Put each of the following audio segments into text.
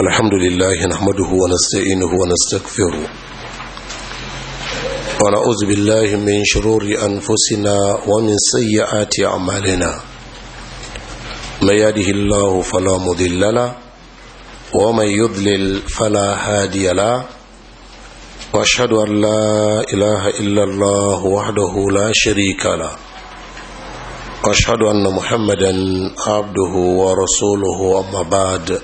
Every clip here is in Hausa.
الحمد لله نحمده ونستعينه ونستغفره ونعوذ بالله من شرور أنفسنا ومن سيئات أعمالنا ما يهده الله فلا مضل له ومن يضلل فلا هادي له واشهد ان لا اله الا الله وحده لا شريك له واشهد ان محمدا عبده ورسوله اما بعد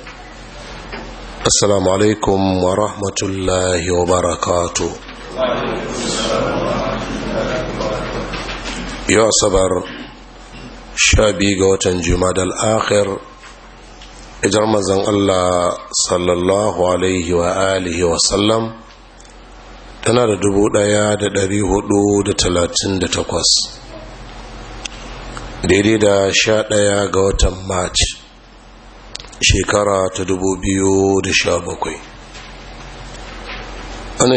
السلام عليكم ورحمة الله وبركاته يا صبر شابي قوة جماد الآخر إجرم زن الله صلى الله عليه وآله وسلم tana da dubu ɗaya da ɗari hudu da talatin da takwas daidai da sha ɗaya ga watan march shekara ta dubu biyu da sha bakwai.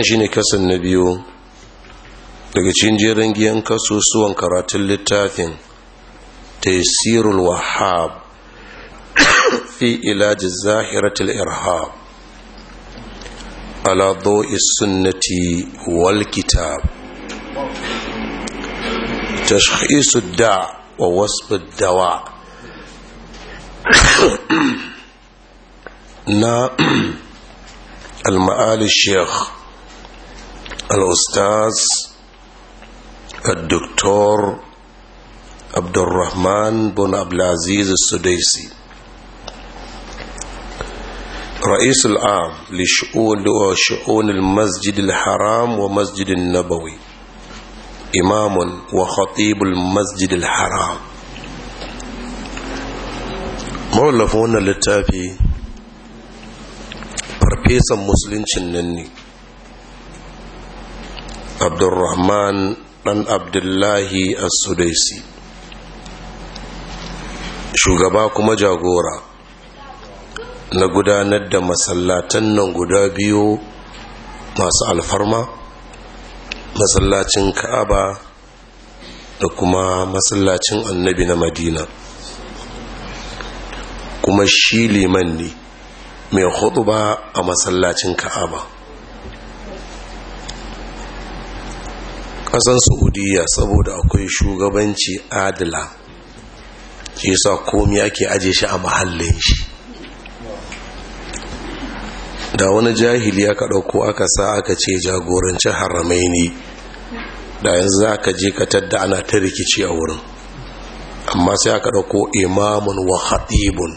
shi ne kasan na biyu daga cikin jerin giyan kasusuwan karatun littafin taisirul wahab fi ilaji zahiratul irhab ala dho'i sunnati wal kitab tashkhisu da wa wasf dawa نا المعالي الشيخ الأستاذ الدكتور عبد الرحمن بن عبد العزيز السديسي رئيس العام لشؤون شؤون المسجد الحرام ومسجد النبوي إمام وخطيب المسجد الحرام مؤلفون للتافي Fesan musuluncin nan ne abdurrahman ɗan abdullahi as-sudaisi shugaba kuma jagora na gudanar da masallatan nan guda biyu masu alfarma masallacin ka'aba da kuma masallacin annabi na madina kuma shi liman ne mai ba a masallacin ka'aba ƙasan saudiya saboda akwai shugabanci adila ke sa komi ake aje shi a mahallin shi da wani jahili aka ɗauko aka sa aka ce jagorancin haramai ne da yanzu za ka je ka tadda ana ta rikici a wurin amma sai aka ɗauko imamun wa haɗibun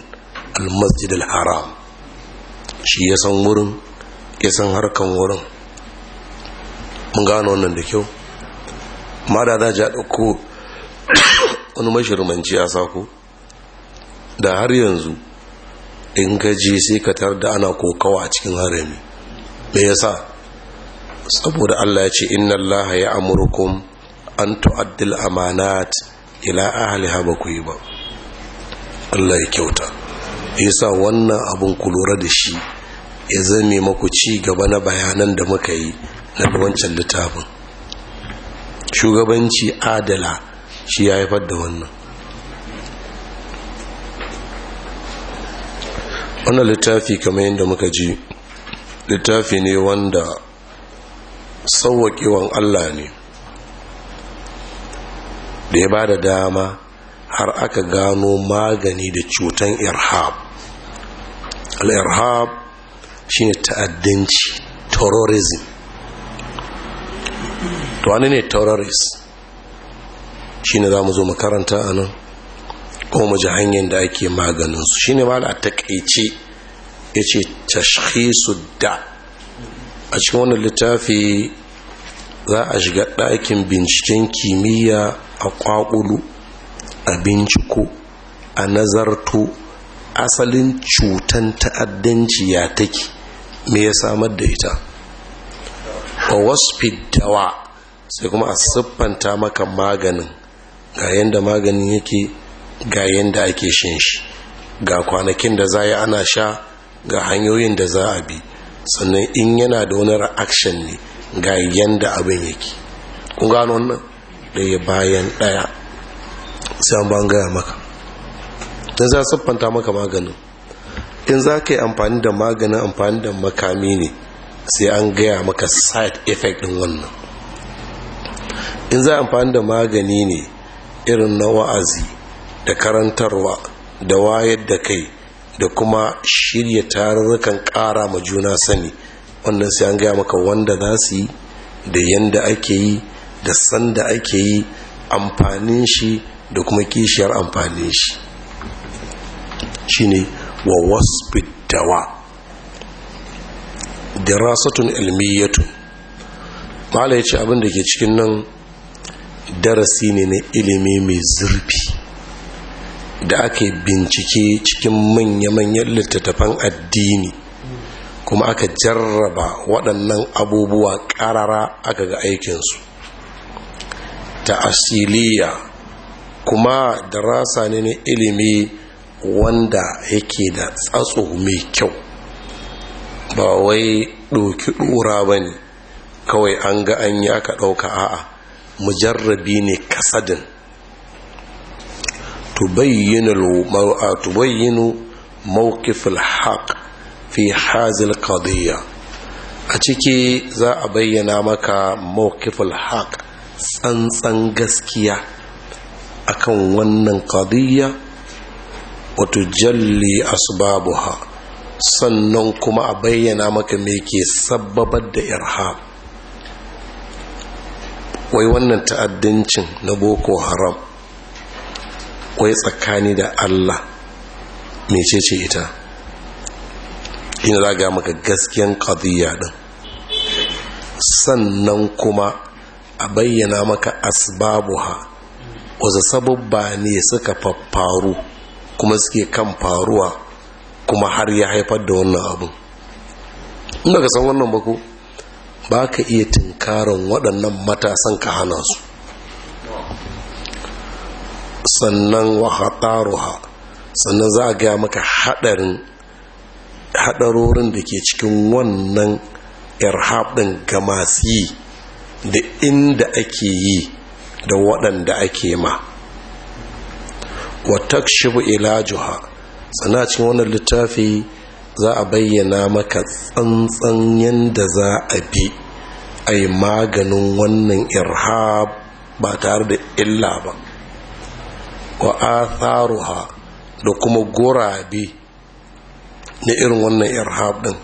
al-masjid al-haram shi ya san wurin ya san harkan wurin mun gano wannan da kyau ma da za a ɗauko wani mashirmanci a sako da har yanzu in gaji sai ka tar da ana kokawa a cikin harami me yasa saboda Allah ya ce inna Allah ya amurkum an tu'addil amanat ila ahliha ba ku yi ba Allah ya kyauta yasa wannan abun ku lura da shi ya zame maku ci gaba na bayanan da muka yi na wancan littafin shugabanci adala shi ya haifar da wannan wannan littafi kamar yadda muka ji littafi ne wanda sauwaƙewan allah ne da ya ba da dama har aka gano magani da cutan irhab al-irhab shine ta'addanci terrorism to wani ne terrorist shine za mu zo makaranta a nan kuma mu ji hanyar da ake maganinsu shine ma da takaice ya ce tashkisu da a cikin wannan littafi za a shiga ɗakin binciken kimiyya a kwakulu a binciko a nazarto asalin cutan ta'addanci ya take me ya samar da ita a wasfi dawa sai kuma a siffanta maka maganin ga yadda maganin yake ga yadda ake shan shi ga kwanakin da za yi ana sha ga hanyoyin da za a bi sannan in yana da wani reaction ne ga yadda abin yake kun gano wannan ya bayan ɗaya sai an ban gaya maka tun za siffanta maka maganin in za ka yi amfani da maganin amfani da makami ne sai an gaya maka side effect din wannan in za amfani da magani ne irin na wa'azi da karantarwa da wayar da kai da kuma shirya tarurrukan ƙara ma juna sani wannan sai an gaya maka wanda za su yi da yanda ake yi da sanda ake yi amfanin shi da kuma kishiyar amfanin shi shi ne. wa wasfi dawa dirasatun ilmiyatun mala ya ce abin da ke cikin nan darasi ne na ilimi mai zurfi da aka bincike cikin manya-manyan littattafan addini kuma aka jarraba waɗannan abubuwa ƙarara aka ga aikinsu ta asiliya kuma darasa ne na ilimi wanda yake da tsatso mai kyau ba wai ɗauki ɗora ba ne kawai an ga an yi aka ɗauka a'a mujarrabi ne kasadin tubayyinu mawqifil haq fi hazil qadiyya a ciki za a bayyana maka mawqifil haq tsantsan gaskiya akan wannan qadiyya wato jalli asbabuha sannan kuma a bayyana maka me ke sababar da irhab wai wannan ta'addancin na boko haram wai tsakani da allah mecece ita ina za ga maka gaskiyan kadiyya din sannan kuma a bayyana maka asbabuha wasu sababba ne suka faffaru kuma suke kan faruwa kuma har ya haifar da wannan abin in daga san wannan bako ba ka iya tinkarin waɗannan matasan ka hana su sannan wa sannan za a gaya maka haɗarin haɗarorin da ke cikin wannan yar haɗin ga da inda ake yi da waɗanda ake ma wa takshibu ilajuha sana cikin wannan littafi za a bayyana maka tsantsan yadda za a bi a yi maganin wannan irhab ba tare da illa ba wa atharuha da kuma gurabe na irin wannan irhab din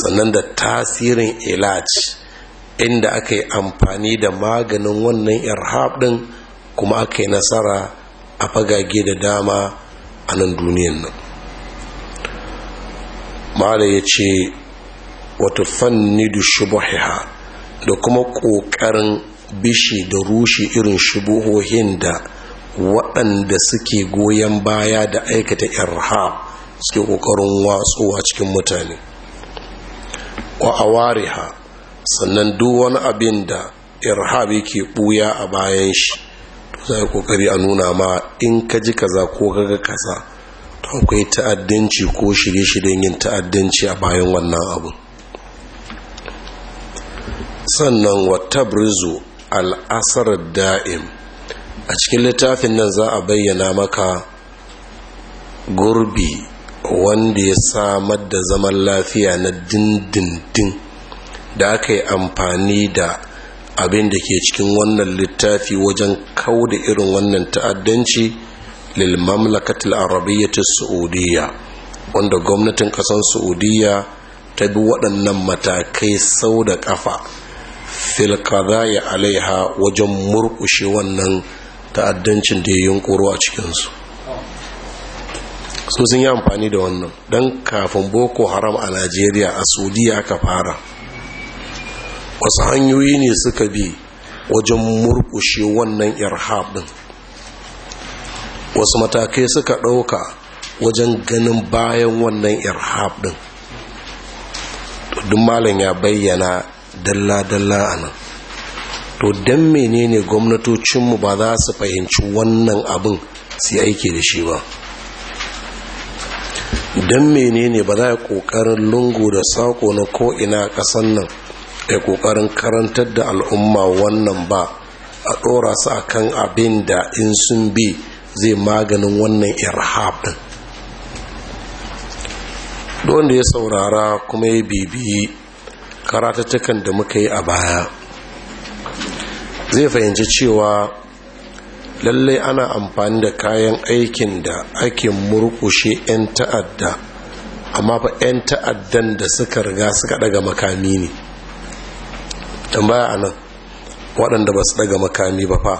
sannan da tasirin ilaj inda aka yi amfani da maganin wannan irhab din kuma aka yi nasara a fagage da dama a nan duniyan nan Malam ya ce wata fanni da shubuhiha da kuma ƙoƙarin bishi da rushe irin shubuhohin da waɗanda suke goyon baya da aikata irhab suke ƙoƙarin watsowa cikin mutane wa ha sannan duk wani abin da irhab yake ɓuya a bayan shi za a kokari a nuna ma in ka ji kaza ko gaga kaza to akwai ta'addanci ko shirye-shiryen yin ta'addanci a bayan wannan abu sannan wata brizu al'asar da'im a cikin littafin nan za a bayyana maka gurbi wanda ya samar da zaman lafiya na dindindin da aka yi amfani da abin da ke cikin wannan littafi wajen kauda irin wannan ta'addanci lil mamlakatul ta saudiyya wanda gwamnatin kasan saudiyya ta bi waɗannan matakai sau da ƙafa fil qadaya alaiha wajen murƙushe wannan ta'addancin da ya yunkuro a cikinsu su sun yi amfani da wannan Dan kafin boko haram a najeriya a saudiya aka fara wasu hanyoyi ne suka bi wajen murkushe wannan irhab din wasu matakai suka ɗauka wajen ganin bayan wannan irhab din duk malam ya bayyana dalla-dalla a nan to don menene gwamnatocinmu ba za su fahimci wannan abin su aiki da shi ba don menene ba za a ƙoƙarin lungu da sako na ko'ina ƙasan nan da kokarin karantar da al'umma wannan ba a ɗora su a kan abin da in sun bi zai maganin wannan irhab ɗin wanda ya saurara kuma ya bibiyi karatattakan da muka yi a baya zai fahimci cewa lallai ana amfani da kayan aikin da ake murkushe 'yan ta'adda amma fa 'yan ta'addan da suka riga suka daga makami ne tambaya a nan waɗanda ba su ɗaga makami ba fa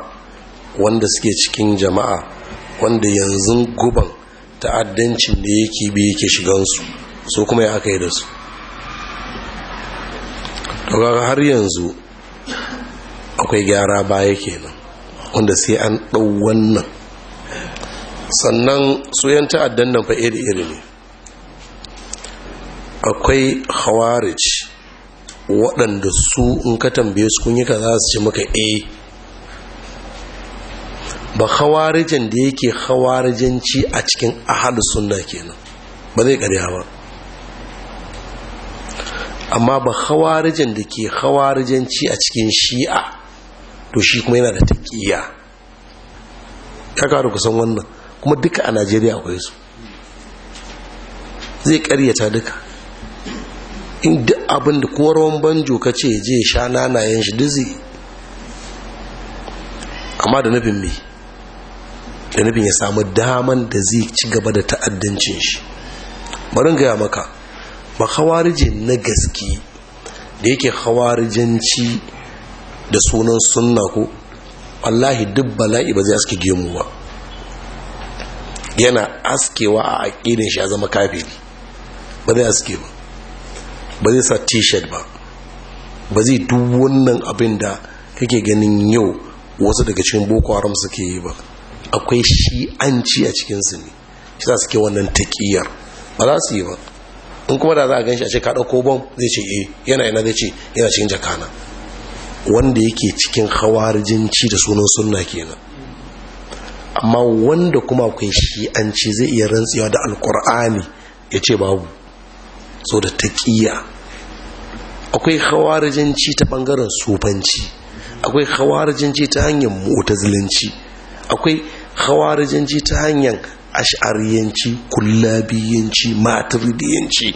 wanda suke cikin jama'a wanda yanzu guban ta'addancin da yake bi yake shigansu su kuma ya aka yi da su daga har yanzu akwai gyara baya kenan wanda sai an ɗau wannan sannan su ta'addan nan fa iri iri ne akwai khawarij waɗanda su in ka tambaye su kun yi kaza su ce maka eh ba hawarijin da yake hawarijanci a cikin ahalu sunna kenan ba zai ƙarya ba amma ba hawarijin da ke hawarijanci a cikin shi'a to shi kuma yana da taƙiya ya karu kusan wannan kuma duka a najeriya akwai su zai ƙaryata duka in duk abin da korawan banjo ka ce je sha nanayen shi dizi amma da nufin me da nufin ya samu daman da zai ci gaba da ta'addancin shi barin gaya maka ba hawarijin na gaske da yake hawarijanci da sunan sunna ko wallahi duk bala'i ba zai aske gemu ba yana askewa a aƙidin shi a zama kafiri ba zai aske ba ba zai sa t-shirt ba ba zai duk wannan abin da kake ganin yau wasu daga cikin boko haram suke yi ba akwai shi'anci a cikinsu ne shi za su ke wannan taƙiyar ba za su yi ba in kuma da za a gan shi a ce ka ko bom zai ce eh yana yana zai ce yana cikin jakana wanda yake cikin hawarijinci da sunan sunna kenan amma wanda kuma akwai shi'anci zai iya rantsewa da alkur'ani ya ce babu so da taƙiya akwai hawarijanci ta ɓangaren sufanci akwai hawarijanci ta hanyar mutazilanci akwai hawarijanci ta hanyar ash'ariyanci kullabiyanci matridiyanci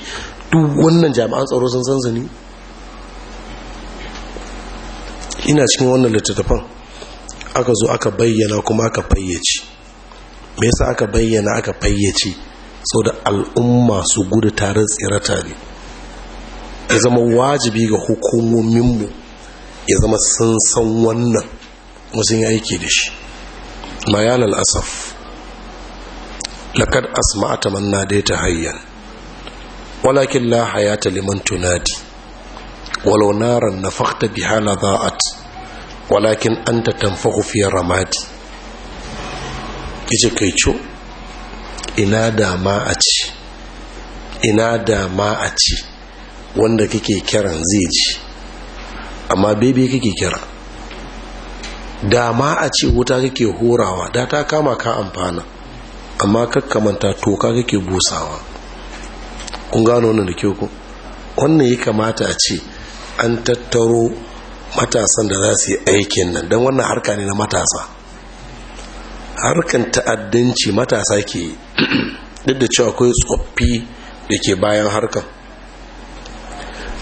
duk wannan jami'an tsaro sun san ina cikin wannan littattafan aka zo aka bayyana kuma aka fayyace me yasa aka bayyana aka fayyace sau da al'umma su gudu tare tsira tare ya zama wajibi ga hukumominmu ya zama sun san wannan musun aiki da shi mayan al'asaf lakad asma'ata manna dai ta hayyan walakin ya ta liman tunadi walau naran na fakta biha na za'at walakin an ta tamfa hufiyar ramadi ije kai co ina dama a ci ina dama a ci wanda kake kiran zai ji amma bebe kake kira dama a ce wuta kake horawa da ta kama ka amfana amma kakkamanta toka kake busawa kun gano wannan da kyau ku wannan ya kamata a ce an tattaro matasan da za su yi aikin nan don wannan harka ne na matasa harkan ta'addanci matasa ke yi duk da cewa akwai tsoffi da ke bayan harkan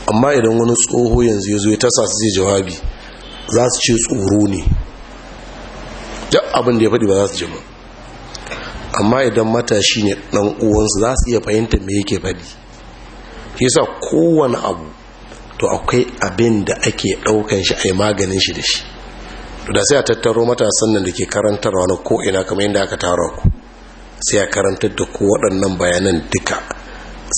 amma idan wani tsoho yanzu ya zo ya tasa su zai jawabi za su ce tsoro ne duk abin da ya faɗi ba za su ji ba amma idan matashi ne ɗan uwansu za su iya fahimta me yake faɗi sa kowane abu to akwai abin da ake ɗaukan shi a yi maganin shi da shi da sai a tattaro matasan nan da ke karantarwa na ko'ina kamar yadda aka tara ku sai a karantar da ku waɗannan bayanan duka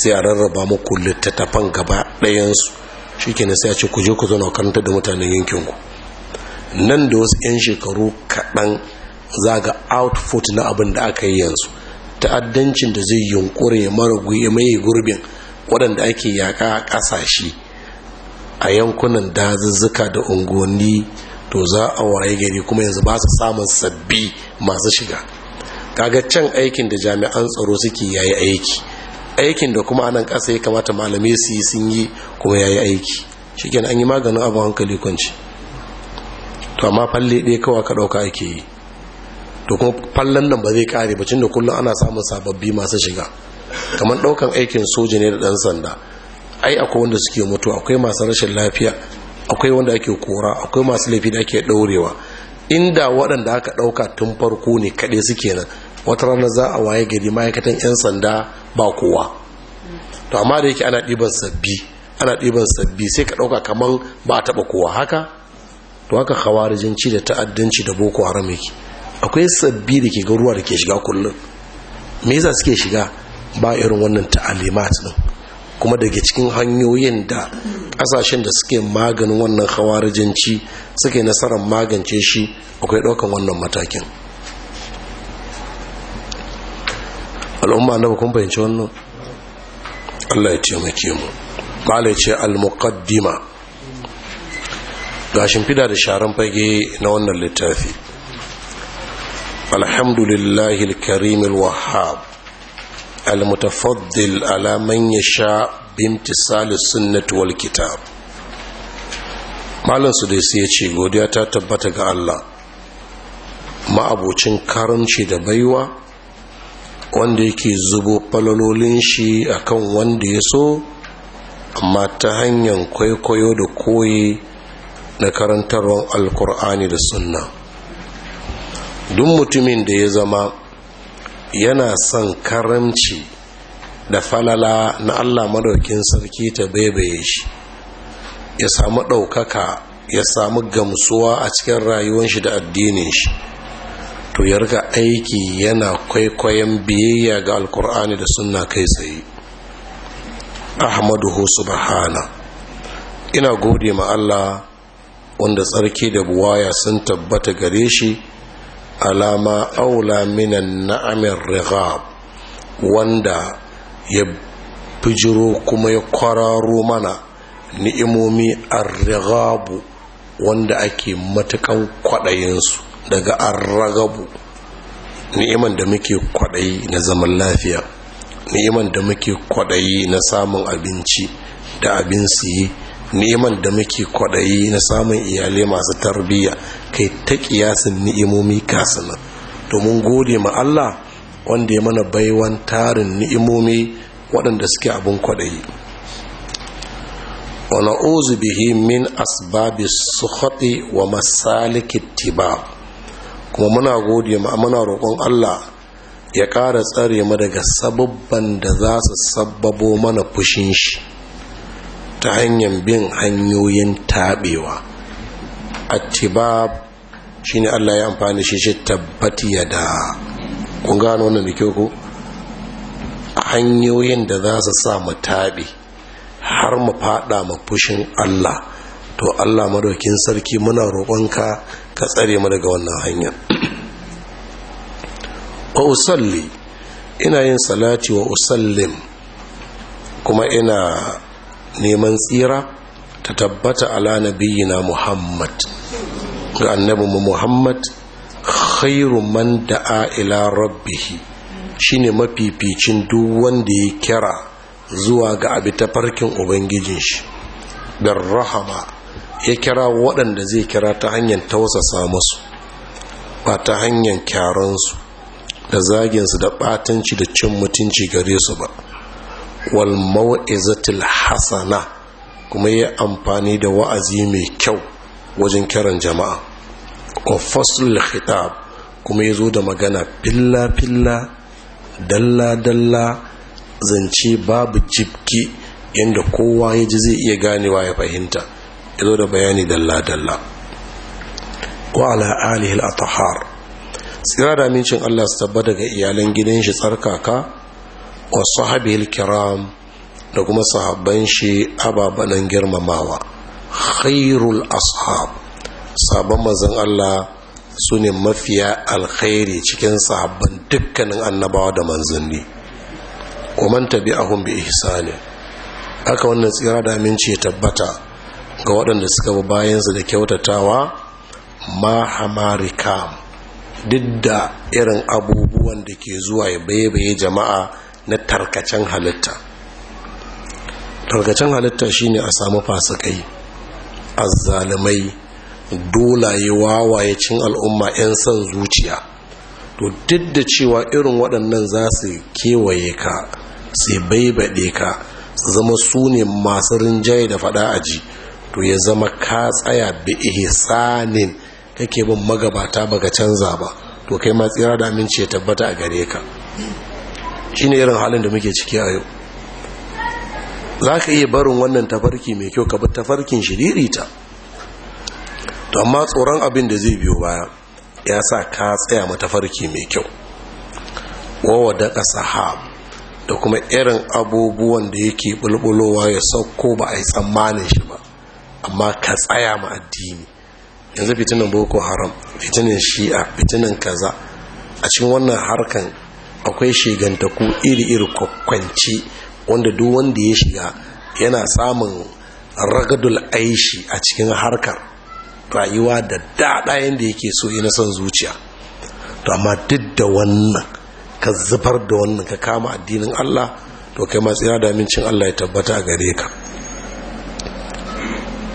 sai a rarraba muku littattafan gaba ɗayansu shi kenan sai a ce ku je ku zauna karantar da mutanen yankin ku. nan da wasu 'yan shekaru kaɗan za ga output na abin da aka yi yanzu ta'addancin da zai yunkuri ya mara ya mai gurbin waɗanda ake yaƙa a ƙasashe a yankunan dazuzzuka da unguwanni to za a warai gari kuma yanzu ba su samun sabbi masu shiga kaga can aikin da jami'an tsaro suke yayi aiki aikin da kuma anan kasa ya kamata malamai su yi sun yi kuma yayi aiki shigen an yi maganin abu hankali kwanci to amma falle ɗaya kawai ka ɗauka ake yi to kuma fallen nan ba zai kare ba da kullum ana samun sababbi masu shiga kamar ɗaukan aikin soja ne da ɗan sanda ai akwai wanda suke mutu akwai masu rashin lafiya akwai wanda ake kora akwai masu laifi da ake ɗaurewa inda waɗanda aka ɗauka tun farko ne kaɗai suke nan wata rana za a waye gari ma'aikatan 'yan sanda ba kowa to amma da yake ana ɗiban sabbi ana ɗiban sabbi sai ka ɗauka kamar ba a taɓa kowa haka to haka kawarijinci da ta'addanci da boko haram yake akwai sabbi da ke garuwa da ke shiga kullum me yasa suke shiga ba irin wannan ta'alimat din kuma daga cikin hanyoyin da kasashen da suke maganin wannan hawarijanci suke nasarar magance shi akwai ɗaukan wannan matakin al'umma na kun fahimci wannan allah ya taimake mu ya ce al-muqaddima ga shimfida da sharan fage na wannan littafi alhamdulillahi al-karim al-wahhab المتفضل على من يشاء بامتثال السنة والكتاب malam su dai sai ya godiya ta tabbata ga Allah ma'abocin karamci da baiwa wanda yake zubo falalolin shi akan wanda ya so amma ta hanyar kwaikwayo da koyi na karantarwar alkur'ani da sunna duk mutumin da ya zama yana son karamci da falala na allah madaukin sarki ta baibaye shi ya samu ɗaukaka ya samu gamsuwa a cikin rayuwar shi da addinin shi to ya riga aiki yana kwaikwayon biyayya ga alkur'ani da sunna kai tsaye ahmaduhu bahana. ina gode ma allah wanda tsarki da buwaya sun tabbata gare shi alama aula minan na'amin rigab wanda ya bijiro kuma ya kwararo mana ni'imomi arrighabu wanda ake matukan kwaɗayinsu daga arragabu ni'iman da muke kwaɗayi na zaman lafiya ni'iman da muke kwaɗayi na samun abinci da abin siye ni'iman da muke kwaɗayi na samun iyalai masu tarbiyya kai ta kiyasin ni'imomi nan domin gode ma Allah wanda ya mana baiwan tarin ni'imomi waɗanda suke abin kwaɗayi wana ozu bihi min su haɗe wa masalikiti tiba kuma muna gode ma muna roƙon Allah ya ƙara tsare ma daga sababban da za su sababo mana fushin shi ta hanyar bin hanyoyin taɓewa attibab shine Allah ya amfani shi shi tabbati yada kun gano wannan da kyau ko hanyoyin da za su sa mu taɓi har mu faɗa mu fushin Allah to Allah madaukin sarki muna roƙonka ka tsare mu daga wannan hanyar wa usalli ina yin salati wa usallim kuma ina neman tsira ta tabbata ala nabiyina muhammad ga annabi muhammad khairu man da'a ila rabbihi shine mafificin duk wanda ya kira zuwa ga abi ta farkin ubangijin shi bin rahama ya kira waɗanda zai kira ta hanyar tausasa musu ba ta hanyar su da zaginsu da batanci da cin mutunci gare su ba wal mau'izatil hasana kuma yi amfani da wa'azi mai kyau wajen kiran jama'a wa fasul khitab kuma ya zo da magana filla-filla dalla-dalla zance babu jibki yadda kowa ya ji zai iya ganewa ya fahimta ya zo da bayani dalla-dalla wa ala alihil atahar tsira da mincin allah su tabba daga iyalan gidan shi tsarkaka wa sahabihil kiram da kuma sahabban shi ababanan girmamawa khairul ashab sabon mazan Allah su ne mafiya alkhairi cikin sahabban dukkanin annabawa da manzanni kuman tabi ahun bi ihsani aka wannan tsira da aminci ya tabbata ga waɗanda suka bi bayansu da kyautatawa ma hamarika duk da irin abubuwan da ke zuwa ya bayyabaye jama'a na tarkacen halitta tarkacen halitta shine a samu fasikai azzalimai dolaye wawaye cin al'umma 'yan son zuciya to duk da cewa irin waɗannan za su kewaye ka sai baibaɗe ka su zama su ne masu rinjaye da faɗa ji, to ya zama ka tsaya bi ihsanin kake bin magabata baka canza ba to kai ma tsira da aminci ya tabbata a gare ka shine irin halin da muke ciki a yau za ka iya barin wannan tafarki mai kyau ka bi tafarkin ta? to amma tsoron abin da zai biyo baya ya sa ka tsaya tafarki mai kyau wawa daga sahab da kuma irin abubuwan da yake bulbulowa ya sauko ba a yi tsammanin shi ba amma ka tsaya ma addini yanzu fitinan boko haram fitinan shi'a fitinan kaza a cikin wannan harkan akwai shigantaku iri-iri kwakwanci wanda duk wanda ya shiga yana samun ragadul aishi a cikin harkar rayuwa da daɗa yadda yake so yana son zuciya to amma duk da wannan ka zubar da wannan ka kama addinin Allah to kai ma tsira da amincin Allah ya tabbata gare ka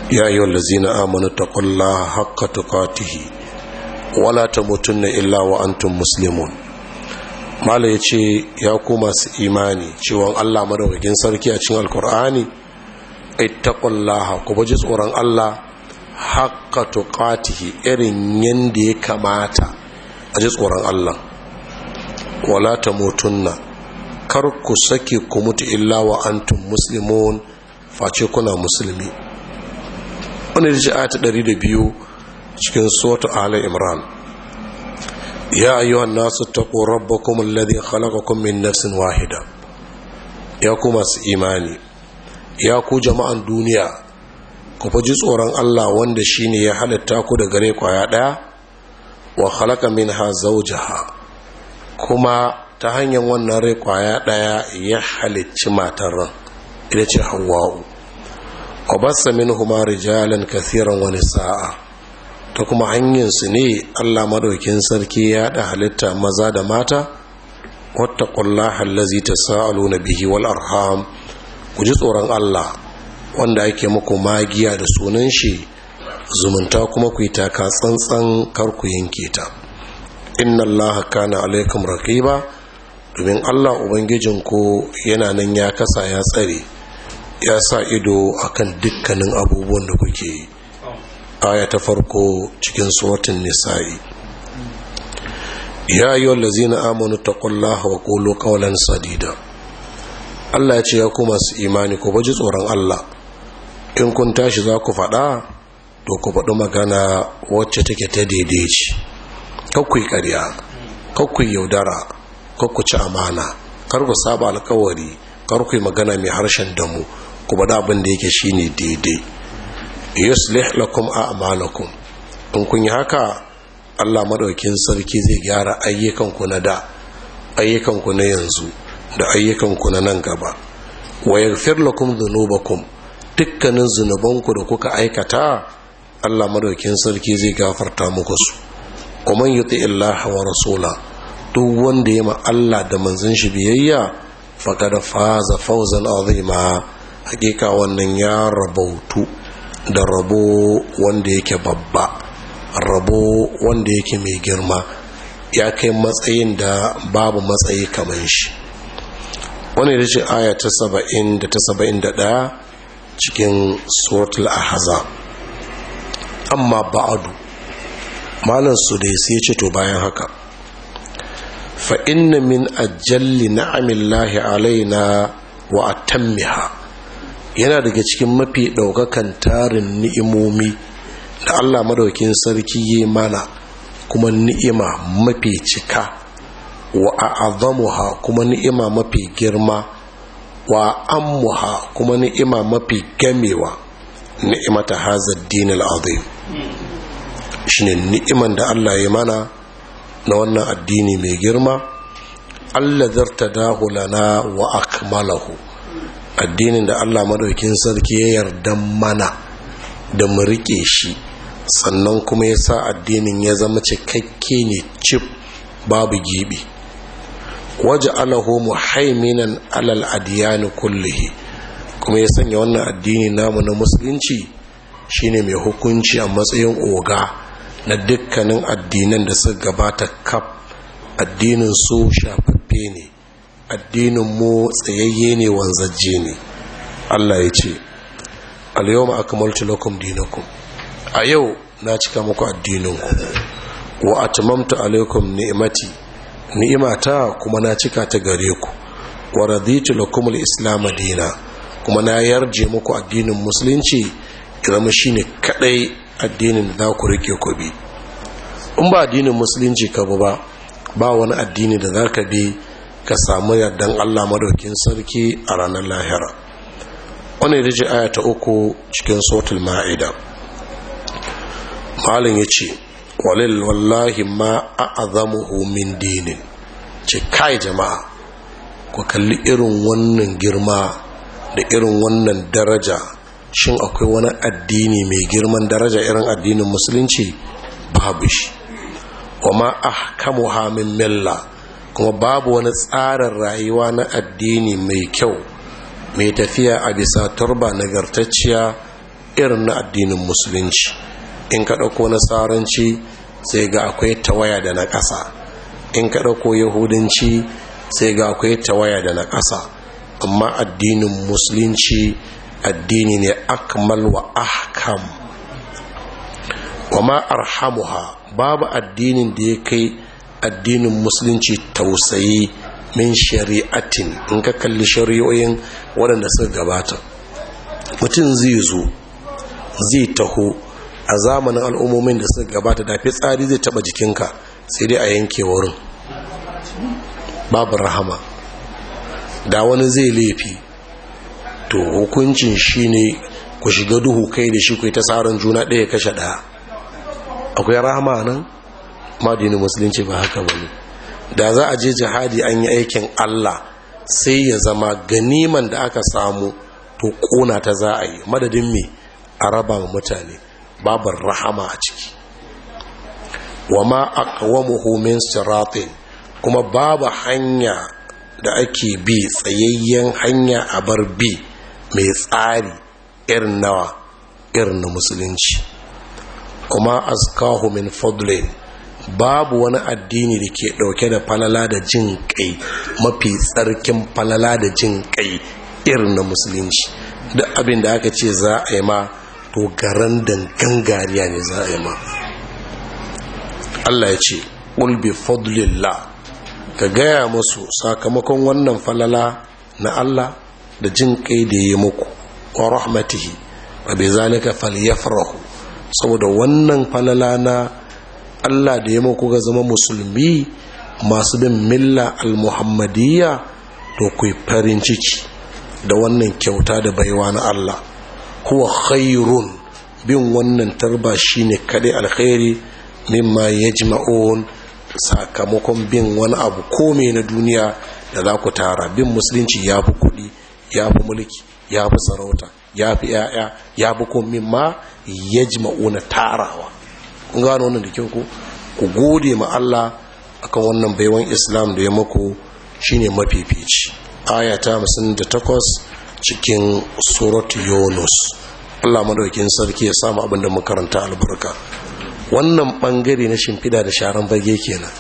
ya yi wallazina ta taqullaha haqqa tuqatihi wala ta mutum na illa wa antum muslimun mala ya ce ya koma su imani cewon allah madaukakin sarki a cikin alkur'ani ittaqullaha ku baji tsoron allah haka tuqatihi irin yadda ya kamata a ji tsoron allah wala ta mutunna kar ku sake ku mutu illa wa antum muslimun face kuna musulmi Wani wannan ji ayata 102 cikin suratul ala imran يا أيها الناس اتقوا ربكم الذي خلقكم من نفس واحدة يا كمس إيماني يا كو جماعة الدنيا كفجي صوران الله وند شيني يا حالة تاكو دا غريق ويا وخلق منها زوجها كما تهن وانا ريق ويا يا حالة تماتر إلى حواء وبس منهما رجالا كثيرا ونساء ta kuma hanyar su ne allah maɗaukin sarki ya da halitta maza da mata wata kulla lazi ta sa'alu na bihi wal arham ku ji tsoron allah wanda ake muku magiya da sunan shi zumunta kuma ku yi taka tsantsan ku yanke ta inna allaha kana alaikum raqiba domin allah Ubangijin ku yana nan ya kasa ya tsare ya sa ido akan dukkanin abubuwan da kuke yi aya ta farko cikin suratun nisa'i ya yi wallazi na amonu taƙullaha wa ƙolo ƙaunar sadida allah ce ya kuma su imani ku baji tsoron allah in kun tashi za ku faɗa to ku faɗi magana wacce take ta daidaici kakwai karya, kakwai yaudara kakwai ci amana kar ku saba alkawari kar ku magana mai harshen damu ku faɗa abin da yake shine daidai yuslih lakum a'malakum in kun yi haka Allah madaukin sarki zai gyara ayyukanku na da ayyukanku na yanzu da ayyukanku na nan gaba wa yaghfir lakum dhunubakum dukkanin zunubanku da kuka aikata Allah madaukin sarki zai gafarta muku su kuma yuti Allah wa rasula duk wanda ya ma Allah da manzon shi biyayya faqad faza fawzan azima hakika wannan ya rabautu da rabo wanda yake babba rabo wanda yake mai girma ya kai matsayin da babu matsayi kamar shi wani da ce aya ta saba'in da ta saba'in da ɗaya cikin suratul haza amma ba'adu malam su da sai ce to bayan haka fa inna min ajalli na'amillahi alaina wa atammiha yana daga cikin mafi ɗaukakan tarin ni'imomi da allah madaukin sarki yi mana kuma ni'ima mafi cika wa a'azamuha kuma ni'ima mafi girma wa ammuha kuma ni'ima mafi gamewa ni'ima ta hazar dinil azim shine ni'iman da Allah ya mana na wannan addini mai girma Allah zarta dahulana wa akmalahu addinin da allah maɗaukin sarki ya yarda mana da mu riƙe shi sannan kuma ya sa addinin ya zama cikakke ne cif babu gibi waje alahu muhaiminan alal adiyani kullihi kuma ya sanya wannan addini namu na musulunci shine mai hukunci a matsayin oga na dukkanin addinan da suka gabata kaf addinin su shafaffe ne addinin mu tsayayye ne wanzajje ne allah ya ce alyawma akmaltu lakum dinakum a yau na cika muku addininku wa atmamtu alaikum ni'mati ni'imata kuma na cika ta gare ku wa raditu lakum alislam islam dina kuma na yarje muku addinin musulunci zama shine kadai addinin da za ku rike ku bi in ba addinin musulunci ka ba ba wani addini da za ka bi ka samu yardan Allah madaukin sarki a ranar lahira wani da ji uku cikin sotul ma'ida malin ya ce walil wallahi ma a'azamuhu min dinin ce kai jama'a ku kalli irin wannan girma da irin wannan daraja shin akwai wani addini mai girman daraja irin addinin musulunci babu shi Kuma ahkamu min milla kuma babu wani tsarin rayuwa na addini mai kyau mai tafiya a bisa turba nagartacciya irin na addinin musulunci in ka ɗauko nasaranci sai ga akwai tawaya da na ƙasa in ka ɗauko yahudanci sai ga akwai tawaya da na ƙasa amma addinin musulunci addini ne akmal wa ahkam wa ma arhamuha babu addinin da ya kai addinin musulunci tausayi min shari'atin in ka kalli shari'oyin waɗanda suka gabata mutum zai zo zai taho a zamanin al'ummomin da suka gabata da tsari zai taba jikinka sai dai a yanke wurin babu rahama da wani zai laifi to hukuncin shi ne ku shiga duhu kai da shi ku ta tsarin juna ɗaya kashe ɗaya akwai rahama nan madinin musulunci ba haka ba ne da za a je jihadi an yi aikin allah sai ya zama ganiman da aka samu to kona ta za a yi madadin me a raba mutane babu rahama a ciki wa ma kawo muhimmin siratin kuma babu hanya da ake bi tsayayyen hanya a bar bi mai tsari irin nawa irin na musulunci kuma azkahu min fadlin babu wani addini da ke ɗauke da falala da jin kai mafi tsarkin falala da jin kai irin na musulunci duk abin da aka ce za a yi ma to garan gangariya ne za a yi ma Allah ya ce ulbi fadlilla ka gaya musu sakamakon wannan falala na Allah da jin kai da ya yi muku wa rahmatihi wa zalika falyafrahu saboda wannan falala na Allah da ya mako ga zama musulmi masu bin milla al-muhammadiyya to ku farin ciki da wannan kyauta da baiwa na Allah huwa khairun bin wannan tarba shine kadai alkhairi mimma yajma'un sakamakon bin wani abu kome na duniya da za ku tara bin musulunci ya fi kuɗi ya fi mulki ya fi sarauta ya fi ya'ya ya fi komin ma ya tarawa kun gano wannan da kyau ku gode ma Allah akan wannan baiwan islam da ya muku shine mafifici aya ta 58 cikin surat yunus Allah madaukin sarki ya samu abin da karanta albarka wannan bangare na shimfida da sharan bage kenan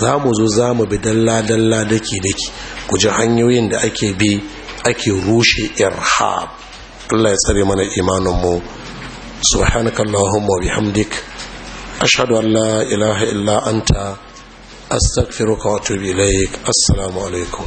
za mu zo za mu bi dalla-dalla daki-daki ku ji hanyoyin da ake bi ake rushe irhab Allah ya tsare mana imaninmu subhanakallahumma wa bihamdika ashhadu an la ilaha illa anta astaghfiruka assalamu alaikum